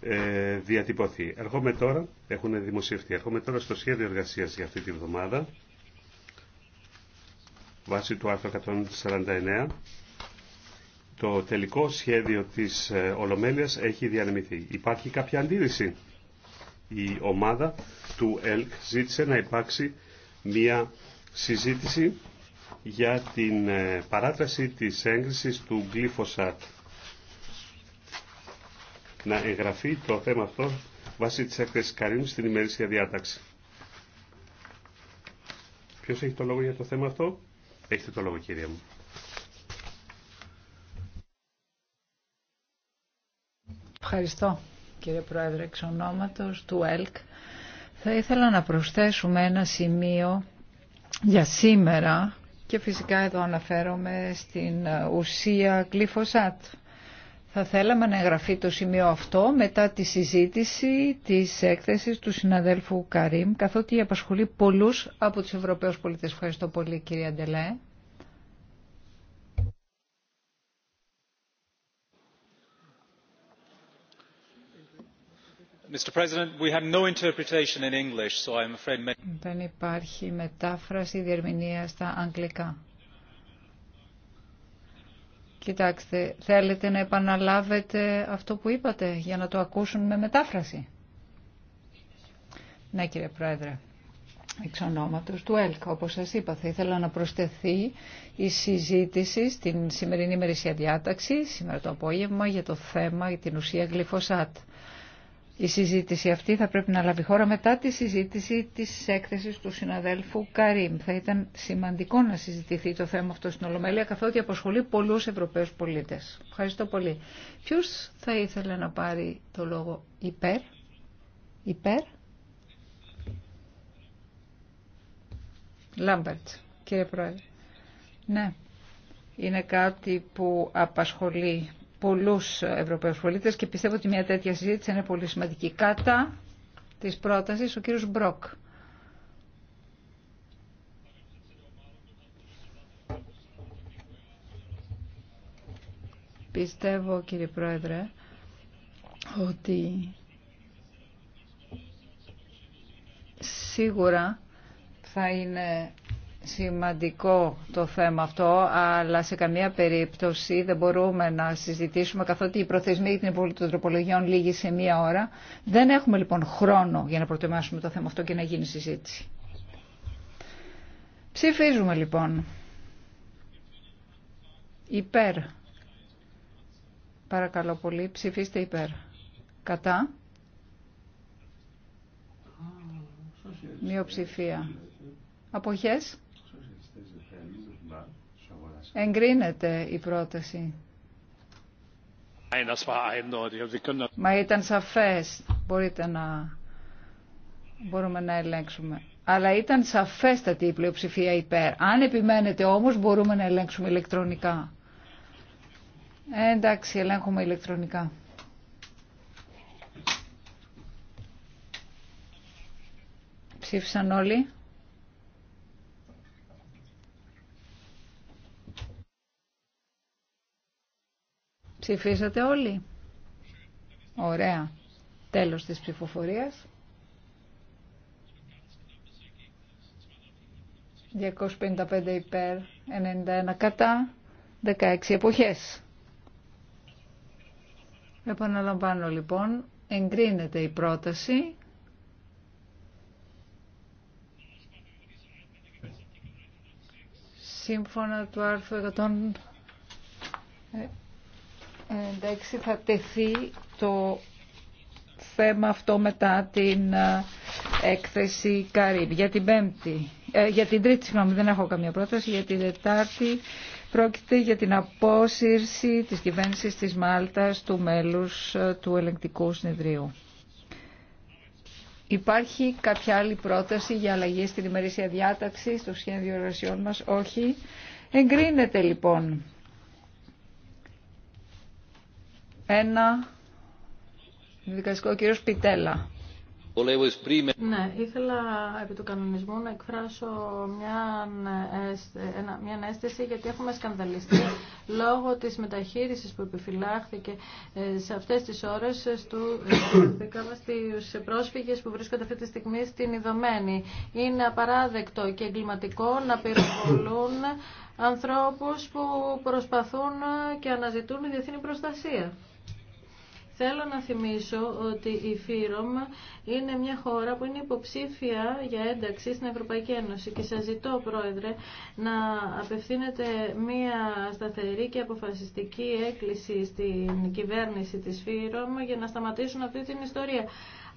Ε, διατυπωθεί. Ερχόμαι τώρα, έχουν δημοσιευτεί, ερχόμαι τώρα στο σχέδιο εργασίας για αυτή τη βδομάδα βάσει του άρθρου 149 το τελικό σχέδιο της ε, Ολομέλειας έχει διανεμηθεί. Υπάρχει κάποια αντίρρηση. Η ομάδα του ΕΛΚ ζήτησε να υπάρξει μια συζήτηση για την ε, παράταση της έγκρισης του Glyphosate να εγγραφεί το θέμα αυτό βάσει τη έκθεση Καρίνου στην ημερήσια διάταξη. Ποιο έχει το λόγο για το θέμα αυτό? Έχετε το λόγο κύριε μου. Ευχαριστώ κύριε Πρόεδρε εξ ονόματος του ΕΛΚ. Θα ήθελα να προσθέσουμε ένα σημείο για σήμερα και φυσικά εδώ αναφέρομαι στην ουσία γλυφοσάτ. Θα θέλαμε να εγγραφεί το σημείο αυτό μετά τη συζήτηση της έκθεσης του συναδέλφου Καρίμ, καθότι απασχολεί πολλούς από τους Ευρωπαίους πολίτες. Ευχαριστώ πολύ κυρία Ντελέ. Δεν υπάρχει μετάφραση διερμηνία στα αγγλικά. Κοιτάξτε, θέλετε να επαναλάβετε αυτό που είπατε για να το ακούσουν με μετάφραση. Ναι κύριε Πρόεδρε, εξ ονόματος του ΕΛΚ, όπως σας είπα, θα ήθελα να προσθεθεί η συζήτηση στην σημερινή ημερησία διάταξη, σήμερα το απόγευμα, για το θέμα, για την ουσία γλυφοσάτ. Η συζήτηση αυτή θα πρέπει να λάβει χώρα μετά τη συζήτηση της έκθεσης του συναδέλφου Καρίμ. Θα ήταν σημαντικό να συζητηθεί το θέμα αυτό στην Ολομέλεια, καθότι απασχολεί πολλούς Ευρωπαίους πολίτες. Ευχαριστώ πολύ. Ποιο θα ήθελε να πάρει το λόγο υπέρ, υπέρ, Λάμπερτ, κύριε Πρόεδρε. Ναι, είναι κάτι που απασχολεί πολλούς Ευρωπαίους πολίτες και πιστεύω ότι μια τέτοια συζήτηση είναι πολύ σημαντική. Κατά της πρότασης ο κύριος Μπροκ. Πιστεύω κύριε Πρόεδρε ότι σίγουρα θα είναι σημαντικό το θέμα αυτό, αλλά σε καμία περίπτωση δεν μπορούμε να συζητήσουμε, καθότι η προθεσμία για την υποβολή των τροπολογιών λήγει σε μία ώρα. Δεν έχουμε λοιπόν χρόνο για να προτιμάσουμε το θέμα αυτό και να γίνει συζήτηση. Ψηφίζουμε λοιπόν. Υπέρ. Παρακαλώ πολύ, ψηφίστε υπέρ. Κατά. Μειοψηφία. Αποχές. Εγκρίνεται η πρόταση. Μα ήταν σαφές. Μπορείτε να... Μπορούμε να ελέγξουμε. Αλλά ήταν σαφέστατη η πλειοψηφία υπέρ. Αν επιμένετε όμως μπορούμε να ελέγξουμε ηλεκτρονικά. Ε, εντάξει, ελέγχουμε ηλεκτρονικά. Ψήφισαν όλοι. Ψηφίσατε όλοι. Ωραία. Τέλος της ψηφοφορίας. 255 υπέρ, 91 κατά, 16 εποχές. Επαναλαμβάνω λοιπόν, εγκρίνεται η πρόταση. Σύμφωνα του άρθρου 100... Ε, Εντάξει, θα τεθεί το θέμα αυτό μετά την ε, έκθεση Καρύμ. Για την πέμπτη, ε, για την τρίτη, συγγνώμη, δεν έχω καμία πρόταση, για την τετάρτη πρόκειται για την απόσυρση της κυβέρνηση της Μάλτας του μέλους ε, του ελεγκτικού συνεδρίου. Υπάρχει κάποια άλλη πρόταση για αλλαγή στην ημερήσια διάταξη, στο σχέδιο εργασιών μας, όχι. Εγκρίνεται λοιπόν ένα δικαστικό κύριο Πιτέλα. Ναι, ήθελα επί του κανονισμού να εκφράσω μια, μια αίσθηση γιατί έχουμε σκανδαλιστεί λόγω της μεταχείρισης που επιφυλάχθηκε ε, σε αυτές τις ώρες στου, στους πρόσφυγες που βρίσκονται αυτή τη στιγμή στην Ιδωμένη. Είναι απαράδεκτο και εγκληματικό να πυροβολούν ανθρώπους που προσπαθούν και αναζητούν διεθνή προστασία. Θέλω να θυμίσω ότι η ΦΥΡΟΜ είναι μια χώρα που είναι υποψήφια για ένταξη στην Ευρωπαϊκή Ένωση και σας ζητώ, Πρόεδρε, να απευθύνετε μια σταθερή και αποφασιστική έκκληση στην κυβέρνηση της ΦΥΡΟΜ για να σταματήσουν αυτή την ιστορία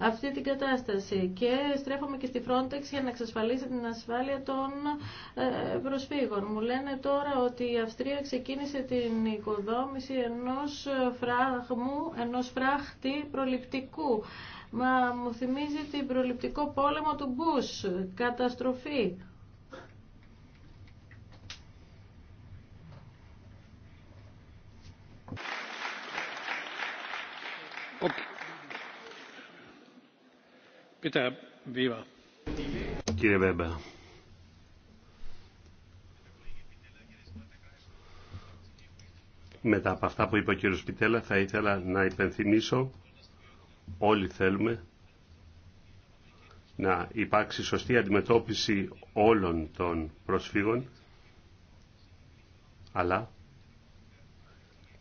αυτή την κατάσταση και στρέφομαι και στη Frontex για να εξασφαλίσει την ασφάλεια των ε, προσφύγων. Μου λένε τώρα ότι η Αυστρία ξεκίνησε την οικοδόμηση ενός φράγμου, ενός φράχτη προληπτικού. Μα μου θυμίζει την προληπτικό πόλεμο του Μπούς. Καταστροφή. Κύριε Βέμπα. Μετά από αυτά που είπε ο κύριος Πιτέλα θα ήθελα να υπενθυμίσω όλοι θέλουμε να υπάρξει σωστή αντιμετώπιση όλων των προσφύγων αλλά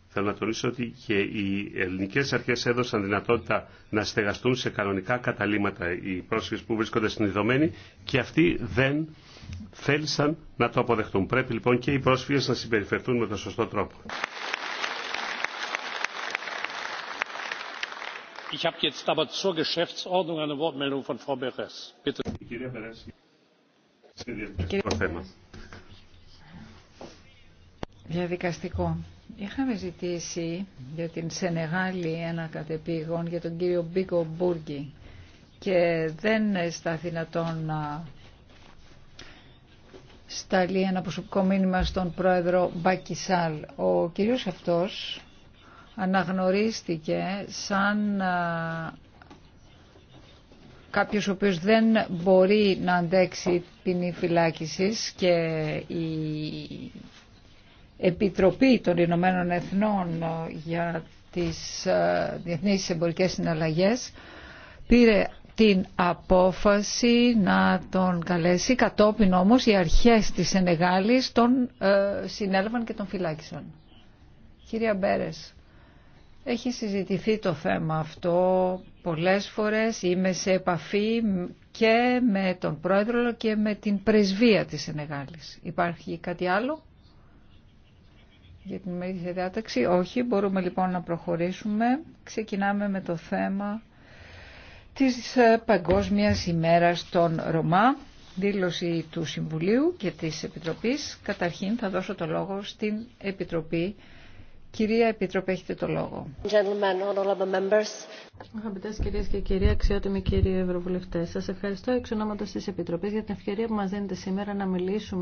θέλω να τονίσω ότι και οι ελληνικές αρχές έδωσαν δυνατότητα να στεγαστούν σε κανονικά καταλήματα οι πρόσφυγες που βρίσκονται στην ειδωμένη και αυτοί δεν θέλησαν να το αποδεχτούν. Πρέπει λοιπόν και οι πρόσφυγες να συμπεριφερθούν με τον σωστό τρόπο. Διαδικαστικό. Είχαμε ζητήσει για την Σενεγάλη ένα κατεπήγον για τον κύριο Μπίκο Μπούργκη και δεν στάθη να τον σταλεί ένα προσωπικό μήνυμα στον πρόεδρο Μπακισάλ. Ο κυρίος αυτός αναγνωρίστηκε σαν κάποιος ο οποίος δεν μπορεί να αντέξει ποινή φυλάκισης και η Επιτροπή των Ηνωμένων Εθνών για τις διεθνείς εμπορικές συναλλαγές πήρε την απόφαση να τον καλέσει. Κατόπιν όμως οι αρχές της Σενεγάλης τον ε, και τον φυλάκισαν. Κυρία Μπέρες, έχει συζητηθεί το θέμα αυτό πολλές φορές. Είμαι σε επαφή και με τον πρόεδρο και με την πρεσβεία της Σενεγάλης. Υπάρχει κάτι άλλο για την ημερήσια διάταξη. Όχι, μπορούμε λοιπόν να προχωρήσουμε. Ξεκινάμε με το θέμα της ε, Παγκόσμιας ημέρας των Ρωμά, δήλωση του Συμβουλίου και της Επιτροπής. Καταρχήν θα δώσω το λόγο στην Επιτροπή. Κυρία Επιτροπή, έχετε το λόγο. Αγαπητές κυρίες και κύριοι, αξιότιμοι κύριοι Ευρωβουλευτές, σας ευχαριστώ εξ ονόματος της Επιτροπής για την ευκαιρία που μας δίνετε σήμερα να μιλήσουμε